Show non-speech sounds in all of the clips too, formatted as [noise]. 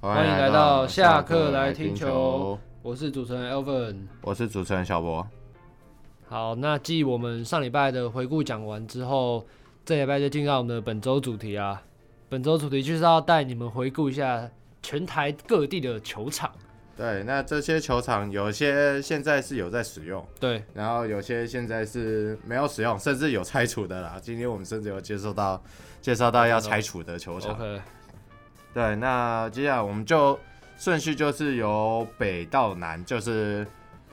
歡迎來到下課來聽球，我是主持人 Alvin，我是主持人小博。好，那繼我們上禮拜的回顧講完之後，這禮拜就進入到我們的本週主題啊。本週主題就是要帶你們回顧一下全台各地的球場。對，那這些球場有些現在是有在使用，對，然後有些現在是沒有使用，甚至有拆除的啦。今天我們甚至有接受介紹到介紹到要拆除的球場。Okay. 對，那接下來我們就順序就是由北到南，就是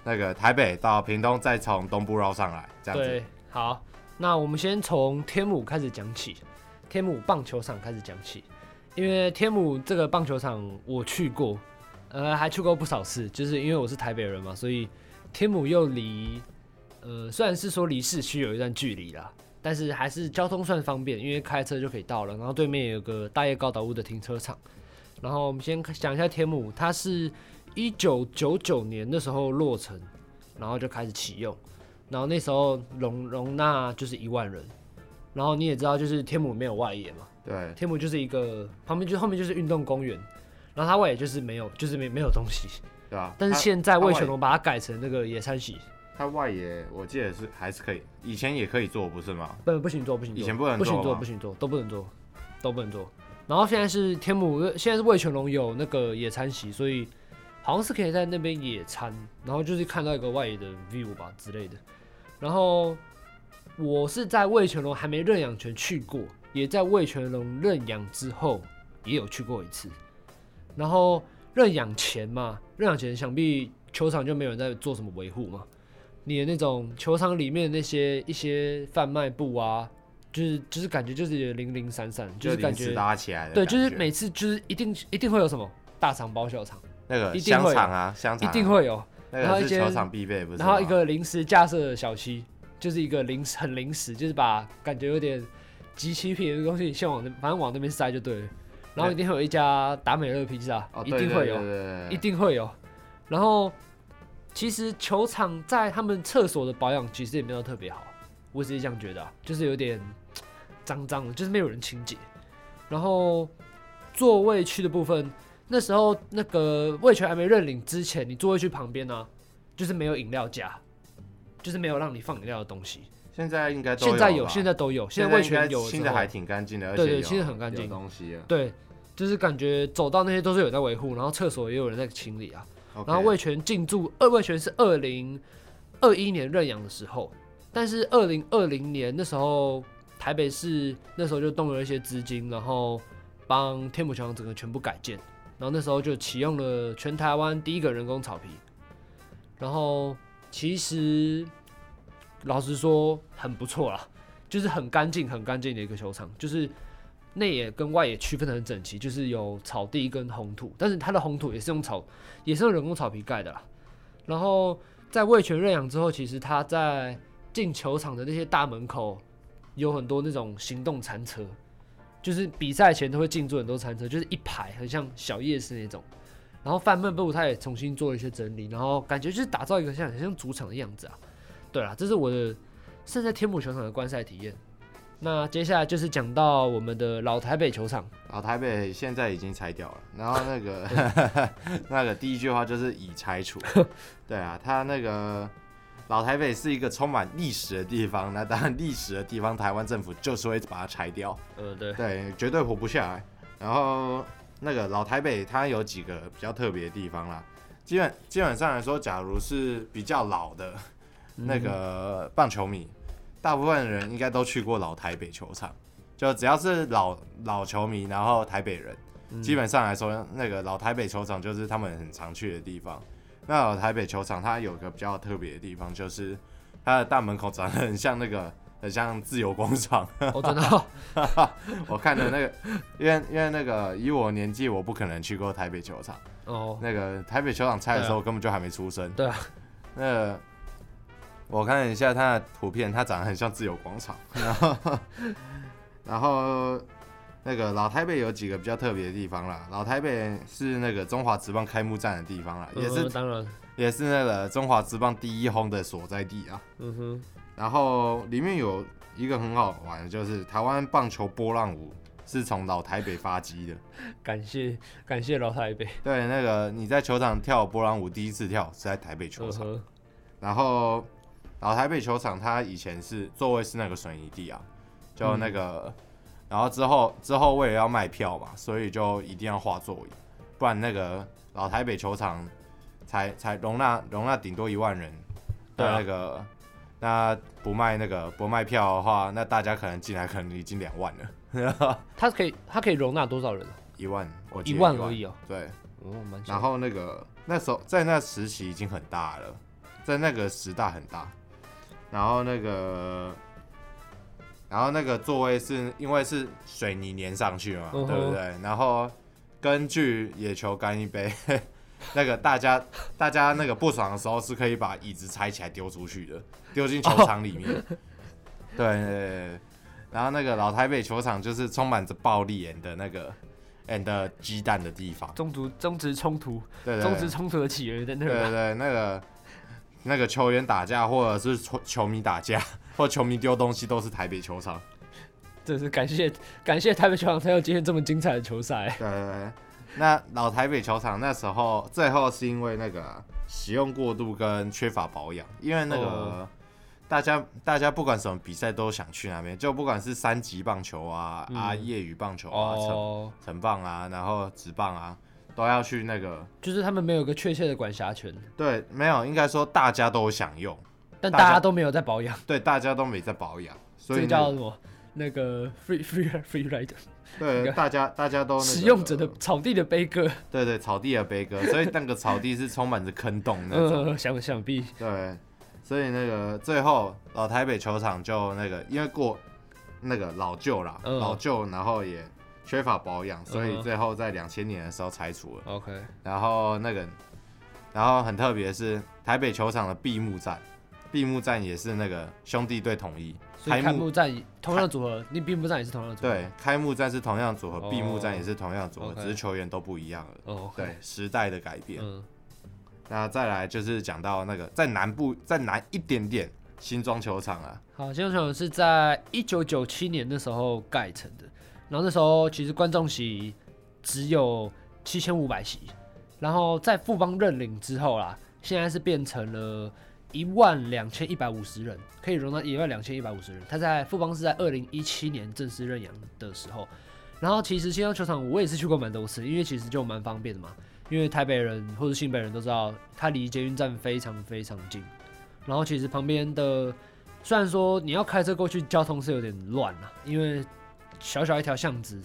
那個台北到屏東，再從東部繞上來。這樣子。對，好，那我們先從天母開始講起，天母棒球場開始講起，因為天母這個棒球場我去過，呃，還去過不少次，就是因為我是台北人嘛，所以天母又離，呃，雖然是說離市區有一段距離啦。但是還是交通算方便，因為開車就可以到了。然後對面也有個大葉高島屋的停車場。然後我們先想一下天母，它是一九九九年的時候落成，然後就開始啟用，然後那時候容容納就是一萬人。然後你也知道，就是天母沒有外野嘛，對。天母就是一個旁邊就是、後面就是運動公園，然後它外野就是沒有就是沒沒有東西。對啊。但是現在味全龍把它改成那個野餐席。它外野我記得是還是可以，以前也可以做，不是嗎？不，不行做，不行。做，以前不能做，不行做，不行做，不行做，都不能做，都不能做。然後現在是天母，現在是味全龍有那個野餐席，所以好像是可以在那邊野餐，然後就是看到一個外野的 view 吧之類的。然後我是在味全龍還沒認養前去過，也在味全龍認養之後也有去過一次。然後認養前嘛，認養前想必球場就沒有人在做什麼維護嘛。你的那種球場裡面的那些一些販賣部啊，就是就是感覺就是有點零零散散，就是感覺搭對，就是每次就是一定一定會有什麼大廠包小廠，那個香腸啊一定會有，香啊一會有那個、然後小廠必備不是？然後一個臨時架設的小區，就是一個臨時很臨時，就是把感覺有點急需品的東西先往那反正往那邊塞就對了。然後一定有一家達美樂披薩，對對對對對對一定會有，對對對對對對一定會有。然後。其實球場在他們廁所的保養其實也沒有特別好，我自己這樣覺得，啊，就是有點髒髒的，就是沒有人清潔。然後座位區的部分，那時候那個味全還沒認領之前，你座位區旁邊呢，啊，就是沒有飲料架，就是沒有讓你放飲料的東西。現在應該都現在有，現在都有，現在味全有，現在還挺乾淨的，而且對，對對，其實很乾淨。東西、啊、對，就是感覺走道那些都是有在維護，然後廁所也有人在清理啊。然後味全進駐，二味全是二零二一年認養的時候，但是二零二零年那時候台北市那時候就動了一些資金，然後幫天母球場整個全部改建，然後那時候就啟用了全台灣第一個人工草皮，然後其實老實說很不錯啦，就是很乾淨很乾淨的一個球場，就是。內野跟外野區分得很整齊，就是有草地跟紅土，但是它的紅土也是用草，也是用人工草皮蓋的啦。然後在味全認養之後，其實他在進球場的那些大門口有很多那種行動餐車，就是比賽前都會進駐很多餐車，就是一排很像小夜市那種。然後范邁布他也重新做了一些整理，然後感覺就是打造一個像很像主場的樣子啊。對啊，這是我的，現在天母球場的觀賽體驗。那接下來就是講到我們的老台北球場。老台北現在已經拆掉了，然後那個 [laughs] [laughs] 那個第一句話就是已拆除。 [laughs] 對啊，他那個老台北是一個充滿歷史的地方，那當然歷史的地方，台灣政府就是會把它拆掉。呃，對，對，絕對活不下來。然後那個老台北它有幾個比較特別的地方啦，基本基本上來說，假如是比較老的那個棒球迷。嗯。大部分人應該都去過老台北球場，就只要是老老球迷，然後台北人，嗯，基本上來說，那個老台北球場就是他們很常去的地方。那老、個、台北球場它有個比較特別的地方，就是它的大門口長得很像那個，很像自由廣場。我知道，真的哦、 [laughs] 我看了那個，因為因為那個以我年紀，我不可能去過台北球場。哦。那個台北球場拆的時候，根本就還沒出生。對啊。對啊。那個。我看一下他的圖片，他長得很像自由廣場。然後， [laughs] 然後，那個老台北有幾個比較特別的地方啦，老台北是那個中華職棒開幕戰的地方啦，嗯、也是當然，也是那個中華職棒第一轟的所在地啊。嗯、然後裡面有一個很好玩的，就是台灣棒球波浪舞是從老台北發跡的。感謝感謝老台北。對，那個你在球場跳波浪舞，第一次跳是在台北球場。嗯、然後。老台北球場，它以前是座位是那個水泥地啊，就那個，嗯、然後之後之後為了要賣票嘛，所以就一定要畫座位，不然那個老台北球場才才容納容納頂多一萬人對、啊，對那個，那不賣那個不賣票的話，那大家可能進來可能已經兩萬了。它 [laughs] 可以它可以容納多少人啊？一萬，我一萬,萬而已哦。對，哦、然後那個那時候在那時期已經很大了，在那個時代很大。然後那個，然後那個座位是因為是水泥粘上去嘛，哦、對不對？然後根據野球乾一杯，呵呵那個大家大家那個不爽的時候是可以把椅子拆起來丟出去的，丟進球場裡面。哦、對、對、對、對，然後那個老台北球場就是充滿着暴力 and 的那個 and 雞蛋的地方。中途終止衝突，對、對，終止衝突的起源在那。對對對，那個。那個球員打架，或者是球球迷打架，或球迷丟東西，都是台北球場。真是感謝感謝台北球場才有今天這麼精彩的球賽。對對對，那老台北球場那時候最後是因為那個、啊、使用過度跟缺乏保養，因為那個大家、哦、大家不管什麼比賽都想去那邊，就不管是三級棒球啊、啊、嗯、業餘棒球啊、成成、哦、棒啊，然後職棒啊。都要去那個，就是他們沒有一個確切的管轄權。對，沒有，應該說大家都想用，但大家都沒有在保養。對，大家都沒在保養，所以、那個這個、叫做什麼？那個 free free free rider。對、那個，大家大家都、那個、使用者的、呃、草地的悲歌。對，對對，草地的悲歌， [laughs] 所以那個草地是充滿着坑洞的、呃。想想必。對，所以那個最後老台北球場就那個，因為過那個老舊啦，呃、老舊，然後也。缺乏保養，所以最後在兩千年的時候拆除了。OK，uh-huh. 然後那個，然後很特別是，台北球場的閉幕戰，閉幕戰也是那個兄弟隊統一。所以開幕戰同樣組合，你閉幕戰也是同樣組合。對，開幕戰是同樣組合，閉幕戰也是同樣組合，oh. 只是球員都不一樣了。Okay. 對，時代的改變。Uh-huh. 那再來就是講到那個在南部再南一點點新莊球場啊。好，新莊球場是在一九九七年的時候蓋成的。然後那時候其實觀眾席只有七千五百席，然後在富邦認領之後啦，現在是變成了一萬兩千一百五十人，可以容納一萬兩千一百五十人。他在富邦是在二零一七年正式認養的時候。然後其實新莊球場我也是去過蠻多次，因為其實就蠻方便的嘛，因為台北人或者新北人都知道它離捷運站非常非常近。然後其實旁邊的雖然說你要開車過去，交通是有點亂啦，因為。小小一條巷子，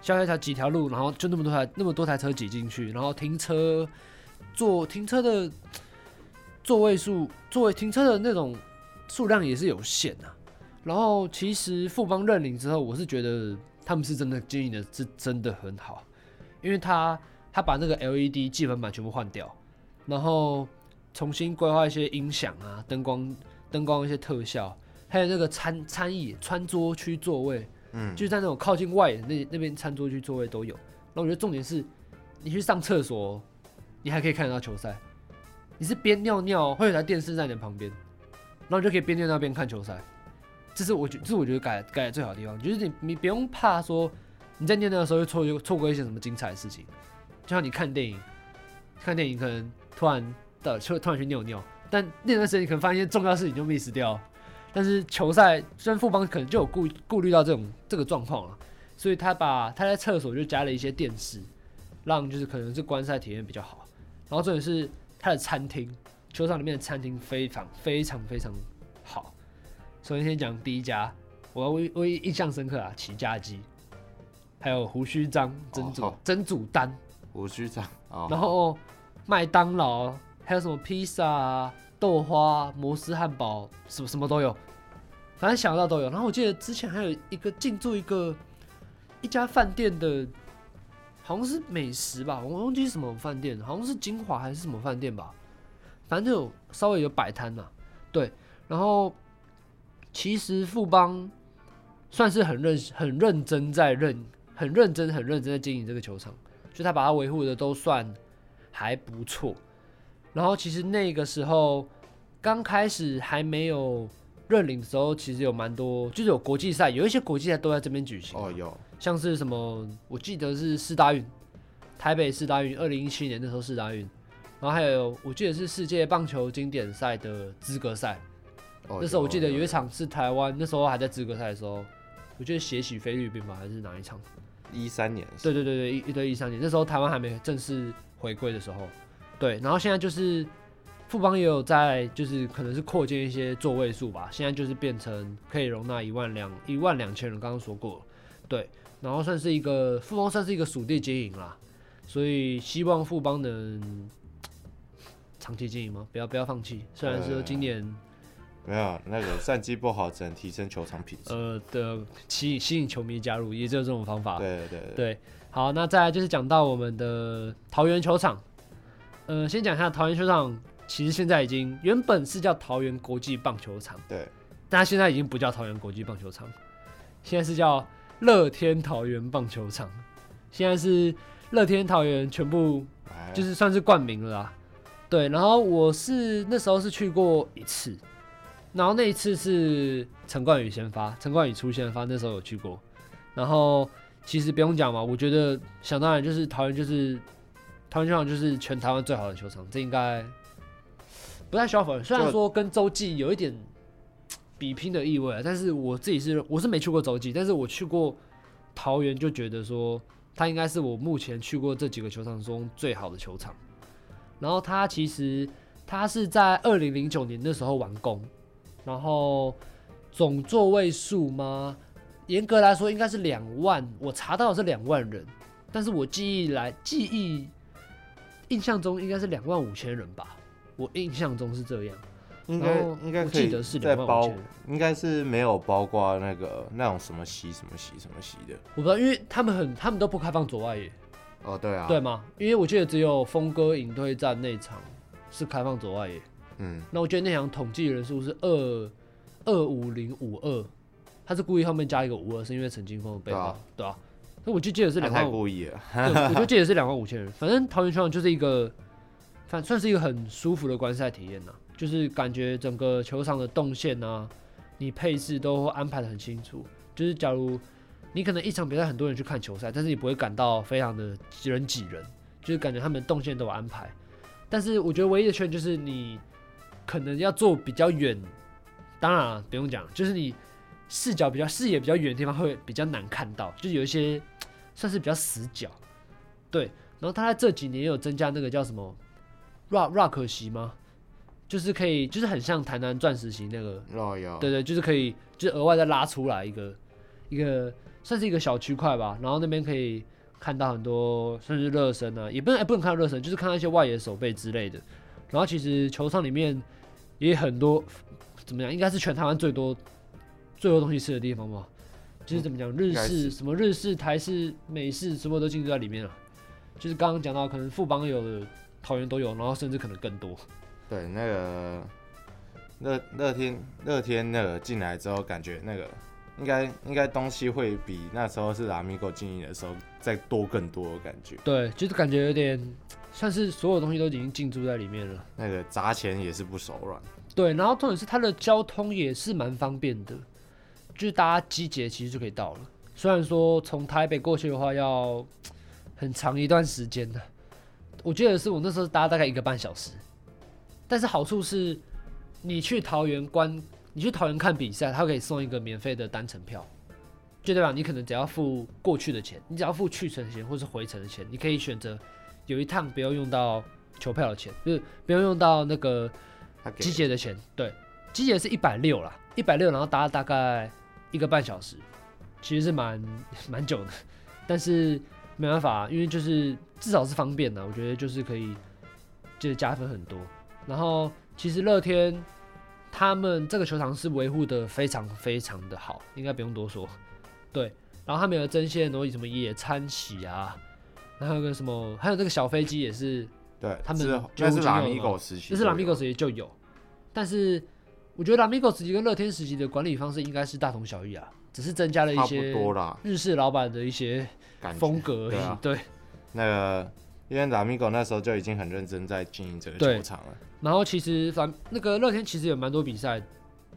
小小一條幾條路，然後就那麼多台那麼多台車擠進去，然後停車坐停車的座位數，座位停車的那種數量也是有限吶、啊。然後其實富邦認領之後，我是覺得他們是真的經營的是真的很好，因為他他把那個 LED 基本版全部換掉，然後重新規劃一些音響啊、燈光、燈光一些特效，還有那個餐餐椅、餐桌區座位。嗯，就是在那種靠近外野那那邊餐桌區座位都有。然後我覺得重點是，你去上廁所，你還可以看得到球賽。你是邊尿尿，會有台電視在你的旁邊，然後你就可以邊尿尿邊看球賽。這是我覺，這是我覺得改改的最好的地方，就是你你不用怕說你在尿尿的時候會錯過錯過一些什麼精彩的事情。就像你看電影，看電影可能突然的，就突然去尿尿，但那段時間你可能發現一些重要事情就 miss 掉。但是球賽雖然富邦可能就有顧顧慮到這種這個狀況了，所以他把他在廁所就加了一些電視，讓就是可能是觀賽體驗比較好。然後重點是他的餐廳，球場裡面的餐廳非常非常非常好。首先先講第一家，我微我印象深刻啊，起家雞，還有鬍鬚張、曾祖曾祖丹、鬍鬚張，oh, 然後麥、oh. 當勞，還有什麼披薩啊。豆花、摩斯漢堡，什麼什麼都有，反正想到都有。然後我記得之前還有一個進駐一個一家飯店的，好像是美食吧，我忘記是什麼飯店，好像是精華還是什麼飯店吧。反正有稍微有擺攤吶，對。然後其實富邦算是很認很認真在認很認真很認真在經營這個球場，就他把它維護的都算還不錯。然後其實那個時候剛開始還沒有認領的時候，其實有蠻多，就是有國際賽，有一些國際賽都在這邊舉行，啊。哦，有，像是什麼，我記得是世大運，台北世大運，二零一七年那時候世大運，然後還有我記得是世界棒球經典賽的資格賽，oh, yo, oh, yo. 那時候我記得有一場是台灣那時候還在資格賽的時候，我記得血洗菲律賓吧，還是哪一場？一三年。對對對對，一一對一三年，那時候台灣還沒正式回歸的時候。對，然後現在就是富邦也有在，就是可能是擴建一些座位數吧。現在就是變成可以容納一萬兩一萬兩千人。剛剛說過，對。然後算是一個富邦算是一個屬地經營啦，所以希望富邦能長期經營嗎？不要不要放棄。雖然說今年、呃、沒有那個戰績不好，只能提升球場品質。 [laughs] 呃的吸引吸引球迷加入，也只有這種方法。對對對對。對好，那再來就是講到我們的桃園球場。嗯、呃，先講一下桃園球場，其實現在已經原本是叫桃園國際棒球場，對，但它現在已經不叫桃園國際棒球場，現在是叫樂天桃園棒球場，現在是樂天桃園全部就是算是冠名了啦，對。然後我是那時候是去過一次，然後那一次是陳冠宇先發，陳冠宇出先發，那時候有去過。然後其實不用講嘛，我覺得想當然就是桃園就是。桃園球場就是全台灣最好的球場，這應該不太需要否認。雖然說跟洲際有一點比拼的意味，但是我自己是我是沒去過洲際，但是我去過桃園，就覺得說它應該是我目前去過這幾個球場中最好的球場。然後它其實它是在二零零九年的時候完工，然後總座位數嗎？嚴格來說應該是兩萬，我查到的是兩萬人，但是我記憶來記憶。印象中應該是兩萬五千人吧，我印象中是這樣，應該應該記得是兩萬五千，應該是沒有包括那個那種什麼席什麼席什麼席的，我不知道，因為他們很，他們都不開放左外野。哦對啊，對嗎？因為我記得只有峰哥隱退戰那場是開放左外野。嗯，那我覺得那場統計人數是二二五零五二，他是故意後面加一個五二，是因為陳金鋒背號，對吧，啊？那我就記得是兩萬 5, 太，太故意了。我就記得是兩萬五千人。反正桃園球場就是一個，反算是一個很舒服的觀賽體驗呢，就是感覺整個球場的動線啊你配置都安排的很清楚。就是假如你可能一場比賽很多人去看球賽，但是你不會感到非常的人擠人，就是感覺他們的動線都有安排。但是我覺得唯一的缺點就是你可能要坐比較遠，當然不用講，就是你。視角比較視野比較遠的地方會比較難看到，就有一些算是比較死角，對。然後他在這幾年有增加那個叫什麼，rock rock 可惜嗎？就是可以，就是很像台南鑽石型那個，oh, yeah. 對，對對，就是可以，就是額外再拉出來一個一個算是一個小區塊吧。然後那邊可以看到很多，算是熱身啊，也不能，欸，不能看到熱身，就是看到一些外野守備之類的。然後其實球場裡面也很多，怎麼樣？應該是全台灣最多，最多東西吃的地方吧，就是怎麼講、嗯，日式是、什麼日式、台式、美式，什麼都進駐在裡面了。就是剛剛講到，可能富邦有的桃園都有，然後甚至可能更多。對，那個樂樂天、樂天那個進來之後，感覺那個應該應該東西會比那時候是 Lamigo 經營的時候再多更多的感覺。對，就是感覺有點像是所有東西都已經進駐在裡面了。那個砸錢也是不手軟。對，然後重點是它的交通也是蠻方便的。就搭機捷其實就可以到了，雖然說從台北過去的話要很長一段時間的，我記得是我那時候搭大概一個半小時，但是好處是你去桃園觀，你去桃園看比賽，他可以送一個免費的單程票，就代表你可能只要付過去的錢，你只要付去程的錢或是回程的錢，你可以選擇有一趟不要用，用到球票的錢，就是不要用，用到那個機捷的錢。對，機捷是一百六啦，一百六，然後搭大概。一個半小時，其實是蠻蠻久的，但是沒辦法，因為就是至少是方便的，啊，我覺得就是可以，就是加分很多。然後其實樂天他們這個球場是維護的非常非常的好，應該不用多說。對，然後他們有針線，然後有什麼野餐席啊，然後有個什麼，還有這個小飛機也是，對，他們就,就是就是 Lamigo 時期就，就是 Lamigo 時期就有，但是。我覺得拉米戈時期跟樂天時期的管理方式應該是大同小異啊，只是增加了一些日式老闆的一些風格而已、啊。對，那個因為拉米戈那時候就已經很認真在經營這個球場了。對，然後其實反那個樂天其實有蠻多比賽，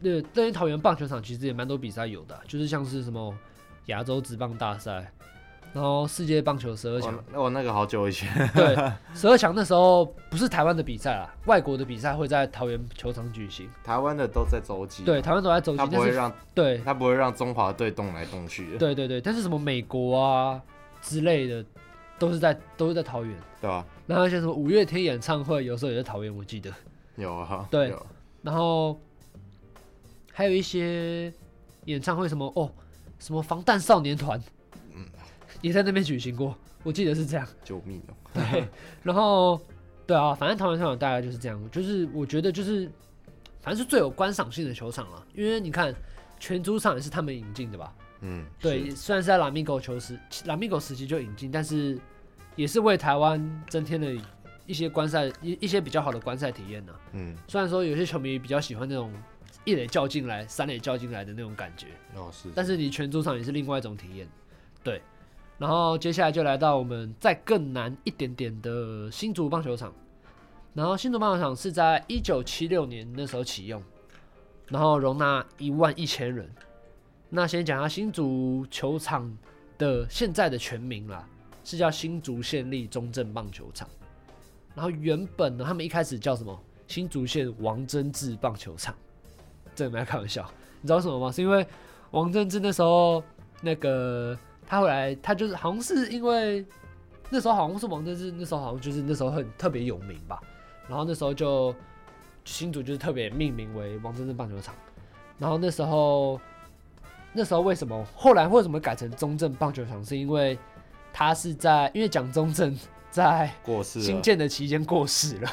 樂樂天桃園棒球場其實也蠻多比賽有的，就是像是什麼亞洲職棒大賽。然後世界棒球十二強，那我，我那個好久以前。 [laughs] 對，十二強那時候不是台灣的比賽啦，外國的比賽會在桃園球場舉行。台灣的都在洲際。對，台灣都在洲際。他不會讓，對他不會讓中華隊動來動去。對對對，但是什麼美國啊之類的，都是在，都是在桃園。對啊，然後像什麼五月天演唱會，有時候也在桃園，我記得。有啊。對，啊，然後還有一些演唱會，什麼哦，什麼防彈少年團。也在那邊舉行過，我記得是這樣。救命哦、喔！對，然後對啊，反正台灣球場大概就是這樣，就是我覺得就是，反正是最有觀賞性的球場了，因為你看全主場也是他們引進的吧？嗯，對，雖然是在拉米狗球時拉米狗時期就引進，但是也是為台灣增添了一些觀賽一一些比較好的觀賽體驗呢。嗯，雖然說有些球迷比較喜歡那種一壘叫進來、三壘叫進來的那種感覺，哦是，但是你全主場也是另外一種體驗，對。然後接下來就來到我們再更難一點點的新竹棒球場，然後新竹棒球場是在一九七六年那時候啟用，然後容納一萬一千人。那先講下新竹球場的現在的全名啦，是叫新竹縣立中正棒球場。然後原本呢，他們一開始叫什麼？新竹縣王貞治棒球場。這沒開玩笑，你知道什麼嗎？是因為王貞治那時候那個。他後來，他就是好像是因為那時候好像是王貞治，那時候好像就是那時候很特別有名吧。然後那時候就新竹就是特別命名為王貞治棒球場。然後那時候那時候為什麼後來為什麼改成中正棒球場？是因為他是在，因為蔣中正在新建的期間過過世了。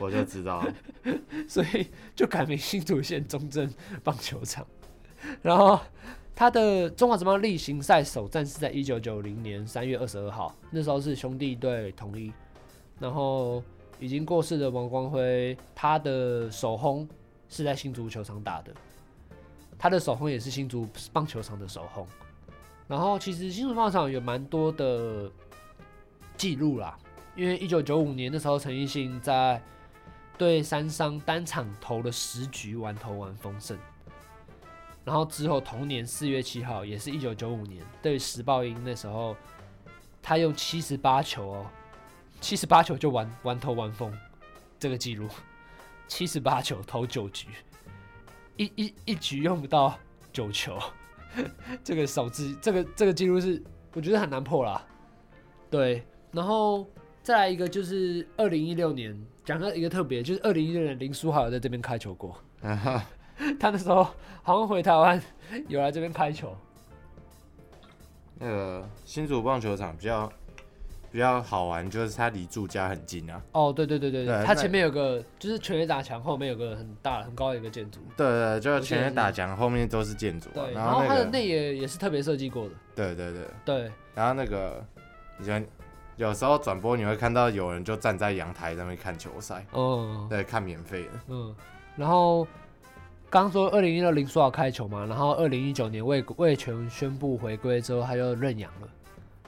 我就知道， [laughs] 所以就改名新竹縣中正棒球場。然後。他的中華職棒例行賽首戰是在一九九零年三月二十二號，那時候是兄弟隊統一，然後已經過世的王光輝他的首轟是在新竹球場打的，他的首轟也是新竹棒球場的首轟，然後其實新竹棒球場有蠻多的記錄啦，因為一九九五年的時候陳義信在對三商單場投了十局完投完封勝。然後之後，同年四月七號，也是一九九五年，對於時報鷹那時候，他用七十八球哦，七十八球就完完投完封，這個記錄，七十八球投九局，一一一局用不到九球呵呵，這個手機這個這個記錄是我覺得很難破啦。對，然後再來一個就是二零一六年，講到一個特別，就是二零一六年林書豪有在這邊開球過。Uh -huh. [laughs] 他那時候好像回台灣有來這邊拍球。那個新竹棒球場比較比較好玩，就是它離住家很近啊。哦，對對對對對。它前面有個就是全壘打牆，後面有個很大很高一個建築。對，對對，就是全壘打牆後面都是建築，啊。然後它、那個、的內野也是特別設計過的。對對對對。然後那個你像有時候轉播你會看到有人就站在陽台上面看球賽，嗯，對，看免費的，嗯，然後。剛說二零一六年說要開球嘛，然後二零一九年味、味全宣布回歸之後，他就認養了，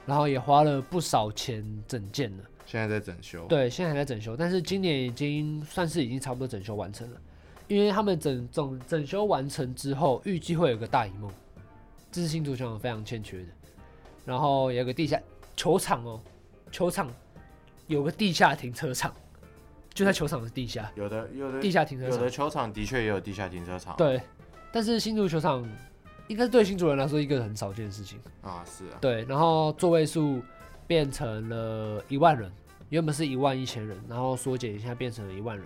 然後也花了不少錢整建了。現在在整修。對，現在還在整修，但是今年已經算是已經差不多整修完成了。因為他們整整整，整修完成之後，預計會有一個大熒幕，這是新竹球場非常欠缺的。然後有個地下球場哦，球場有個地下停車場。就在球場的地下，有的有的地下停車場，有的球場的確也有地下停車場。對，但是新竹球場應該是對新竹人來說一個很少見的事情啊。是啊。對，然後座位數變成了一萬人，原本是一萬一千人，然後縮減一下變成了一萬人，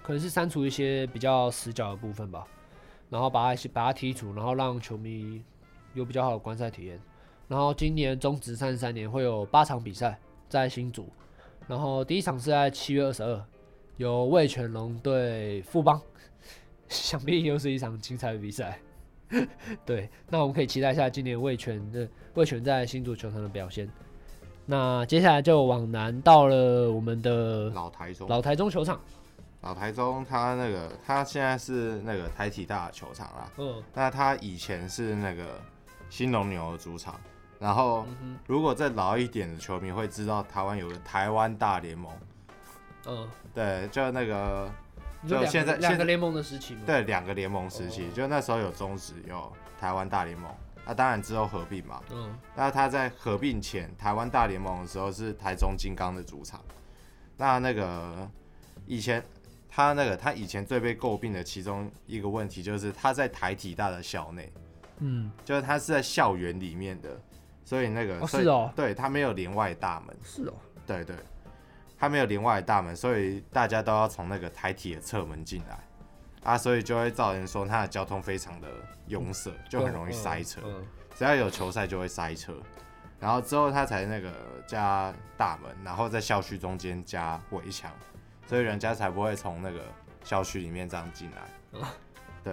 可能是刪除一些比較死角的部分吧，然後把它把它剔除，然後讓球迷有比較好的觀賽體驗。然後今年中職三十三年會有八場比賽在新竹，然後第一場是在七月二十二，由味全龍對富邦，想必又是一場精彩的比賽。 [laughs] 對，那我們可以期待一下今年味全的味全在新竹球場的表現。那接下來就往南到了我們的老台中老台中球場，老台中他那個他現在是那個台體大球場啦。嗯，那他以前是那個新龍牛的主場。然後，如果再老一點的球迷會知道，台灣有個台灣大聯盟。嗯。嗯對，就那個，就現在兩個聯盟的時期，對，兩個聯盟時期，哦，就那時候有中止，有台灣大聯盟，那、啊、當然之後合併嘛。嗯。那他在合併前，台灣大聯盟的時候是台中金剛的主場。那那個以前他那個他以前最被詬病的其中一個問題，就是他在台體大的校內，嗯，就是他是在校園裡面的，所以那個哦所以是哦，對他沒有連外大門，是哦，對對，對。它沒有另外的大門，所以大家都要從那個台體的側門進來啊，所以就會造成說它的交通非常的擁塞，就很容易塞車。只要有球賽就會塞車，然後之後它才那個加大門，然後在校區中間加圍牆，所以人家才不會從那個校區裡面這樣進來。對，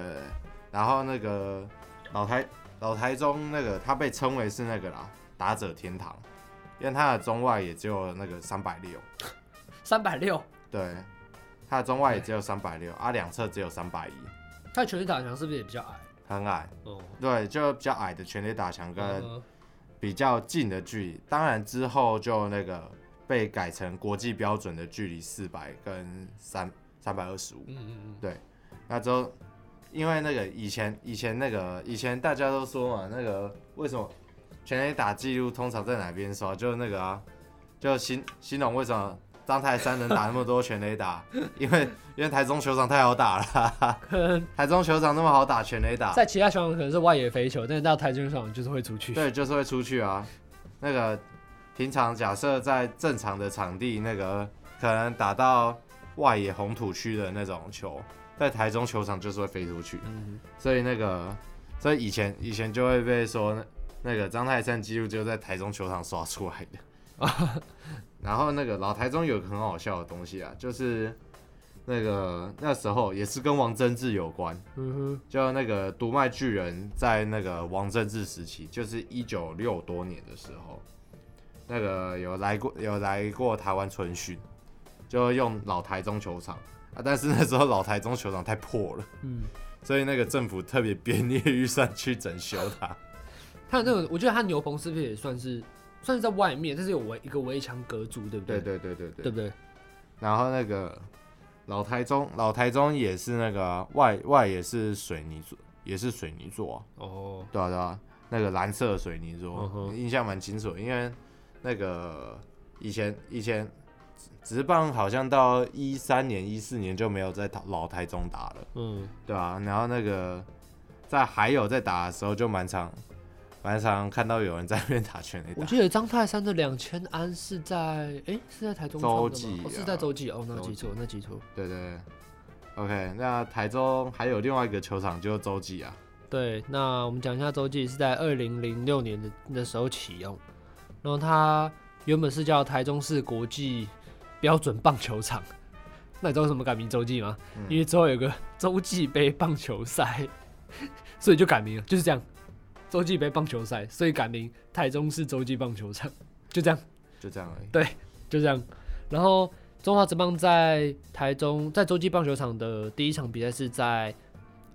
然後那個老台老台中那個它被稱為是那個啦，打者天堂，因為它的中外也只有那個三百六。三百六，對，它的中外也只有三百六，啊，兩側只有三百一，它全壘打牆是不是也比較矮？很矮，哦，對，就比較矮的全壘打牆跟比較近的距離、呃，當然之後就那個被改成國際標準的距離四百跟三三百二十五，嗯嗯嗯，對，那之後因為那個以前以前那個以前大家都說嘛，那個為什麼全壘打紀錄通常在哪邊刷？就那個啊，就形容為什麼？張泰山能打那麼多全壘打， [laughs] 因為因為台中球場太好打了。台中球場那麼好打全壘打，在其他球場可能是外野飛球，但是到台中球場就是會出去。對，就是會出去啊。那個平常假設在正常的場地，那個可能打到外野紅土區的那種球，在台中球場就是會飛出去。嗯、所以那個，所以以前以前就會被說，那、那個張泰山幾乎就在台中球場刷出來的。 [laughs] 然後那個老台中有個很好笑的東西啊，就是那個那時候也是跟王貞治有關呵呵，就那個獨賣巨人在那個王貞治時期，就是一九六多年的時候，那個有來過有來過台灣春訓，就用老台中球場啊，但是那時候老台中球場太破了，嗯、所以那個政府特別編列預算去整修它。他有那個我覺得他牛棚是不是也算是？但是在外面，但是有圍一個圍牆隔住，對不對？對對對對對，對，對，然後那個老台中，老台中也是那個外外也是水泥座，也是水泥座哦、啊，oh. 對啊對啊，那個藍色的水泥座，oh. 印象蠻清楚，因為那個以前以前職棒好像到一三年一四年就沒有在老台中打了，嗯、oh.，對吧、啊？然後那個在還有在打的時候就蠻常。滿常看到有人在練塔打拳，我記得張泰山的兩千安是在誒、欸、是在台中洲際，啊喔，是在洲際哦。那沒、個、錯，那沒錯。對對、對，OK，那台中還有另外一個球場就是洲際啊。對，那我們講一下洲際是在二零零六年的那時候啟用，然後它原本是叫台中市國際標準棒球場。那你知道為什麼改名洲際嗎、嗯？因為之後有個洲際杯棒球賽， [laughs] 所以就改名了，就是這樣。洲際杯棒球賽，所以改名台中市洲際棒球場，就這樣，就這樣，而已。對，就這樣。然後中華職棒在台中，在洲際棒球場的第一場比賽是在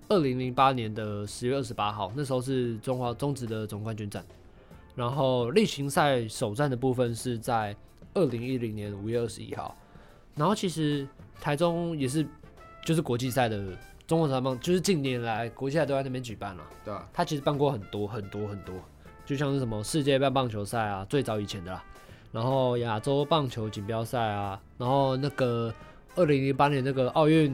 二零零八年的十月二十八號，那時候是中華中職的總冠軍戰。然後例行賽首戰的部分是在二零一零年五月二十一號。然後其實台中也是，就是國際賽的。中國裁判就是近年來國際賽都在那邊舉辦了，對啊，他其實辦過很多很多很多，就像是什麼世界盃棒球賽啊，最早以前的啦，然後亞洲棒球錦標賽啊，然後那個二零零八年那個奧運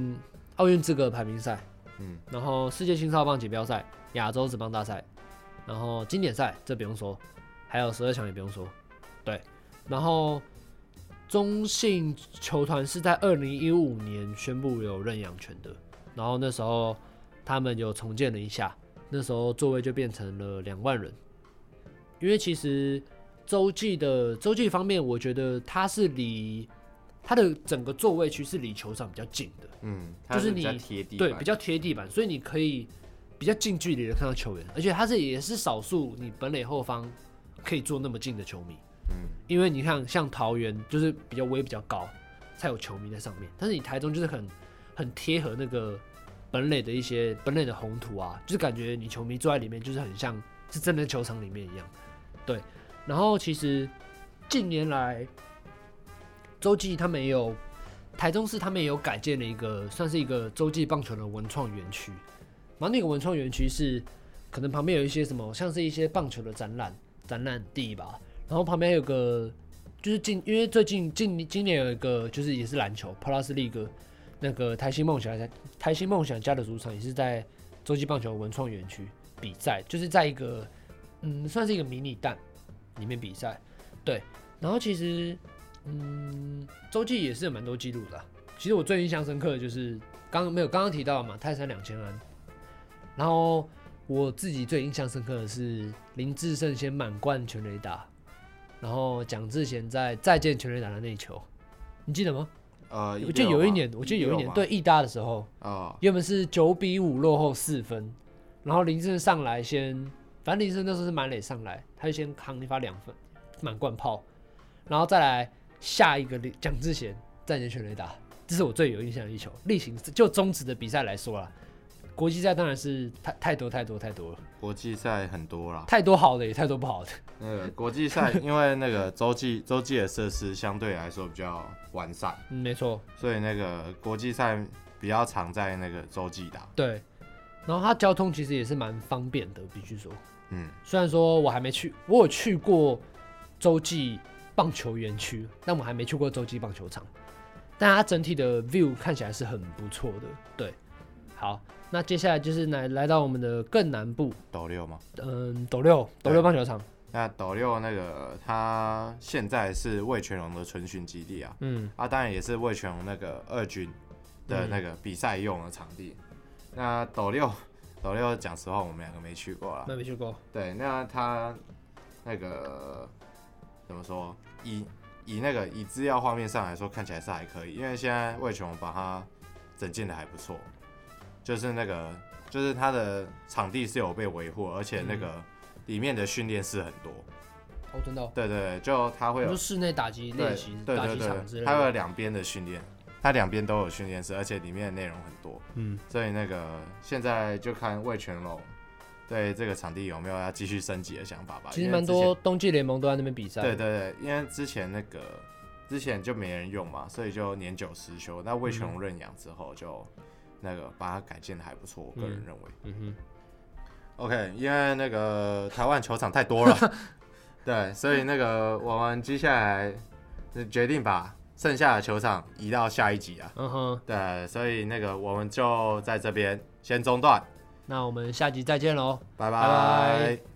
奧運資格排名賽，嗯，然後世界青少棒錦標賽、亞洲職棒大賽，然後經典賽這不用說，還有十二強也不用說，對，然後中信球團是在二零一五年宣布有認養權的。然後那時候他們又重建了一下，那時候座位就變成了兩萬人。因為其實洲際的洲際方面，我覺得它是離它的整個座位其實是離球場比較近的，嗯，他的比較貼地，就是你對比較貼地板，所以你可以比較近距離的看到球員，而且他是也是少數你本壘後方可以坐那麼近的球迷，嗯，因為你看像桃園就是比較威比較高，才有球迷在上面，但是你台中就是很。很貼合那個本壘的一些本壘的紅土啊，就是感覺你球迷坐在裡面，就是很像是真的球場裡面一樣。對，然後其實近年來，洲際他們也有台中市他們也有改建了一個，算是一個洲際棒球的文創園區。然後那個文創園區是可能旁邊有一些什麼，像是一些棒球的展覽展覽地吧。然後旁邊有個就是近，因為最近近今年有一個就是也是籃球 Plus League。那個台新夢想台台新夢想家的主場也是在洲際棒球文創園區比賽，就是在一個嗯，算是一個迷你蛋裡面比賽。對，然後其實嗯，洲際也是有蠻多記錄的啊。其實我最印象深刻的就是剛沒有剛剛提到的嘛，泰山兩千安。然後我自己最印象深刻的是林智勝先滿貫全壘打，然後蔣智賢在再見全壘打的那一球，你記得嗎？呃，就有一年，我記得有一年對義大的時候，啊、原本是九比五落後四分，啊，然後林智勝上來先，反正林智勝那時候是滿壘上來，他就先扛你發兩分滿貫炮，然後再來下一個蔣智賢，再接全壘打，這是我最有印象的一球。例行就中止的比賽來說啦，國際賽當然是太太多太多太多了。國際賽很多啦，太多好的也太多不好的。那個國際賽，因為那個洲際洲際的設施相對來說比較完善，嗯，沒錯，所以那個國際賽比較常在那個洲際打。對，然後它交通其實也是蠻方便的，必須說。嗯，雖然說我還沒去，我有去過洲際棒球園區，但我還沒去過洲際棒球場，但它整體的 view 看起來是很不錯的。對，好，那接下來就是來來到我們的更南部斗六嗎？嗯，斗六斗六棒球場。那斗六那個，他現在是味全龍的春訓基地啊，嗯，啊，當然也是味全龍那個二軍的那個比賽用的場地，嗯。那斗六，斗六，講實話，我們兩個沒去過啊，那沒去過。對，那他那個怎麼說？以以那個以資料畫面上來說，看起來是還可以，因為現在味全龍把它整建的還不錯，就是那個，就是他的場地是有被維護，而且那個。嗯裡面的訓練室很多，哦，真的，哦，對，對對，就它會有室內打擊練習、打擊場之類的，它有兩邊的訓練，它兩邊都有訓練室，而且裡面的內容很多，嗯，所以那個現在就看魏全龍對這個場地有沒有要繼續升級的想法吧。其實蠻多冬季聯盟都在那邊比賽，對對對，因為之前那個之前就沒人用嘛，所以就年久失修，那魏全龍認養之後就那個、嗯、把它改建的還不錯，我個人認為，嗯，嗯哼。OK，因為那個台灣球場太多了， [laughs] 對，所以那個我們接下來就決定把剩下的球場移到下一集啊。嗯哼，對，所以那個我們就在這邊先中斷，那我們下集再見嘍，拜拜。Bye bye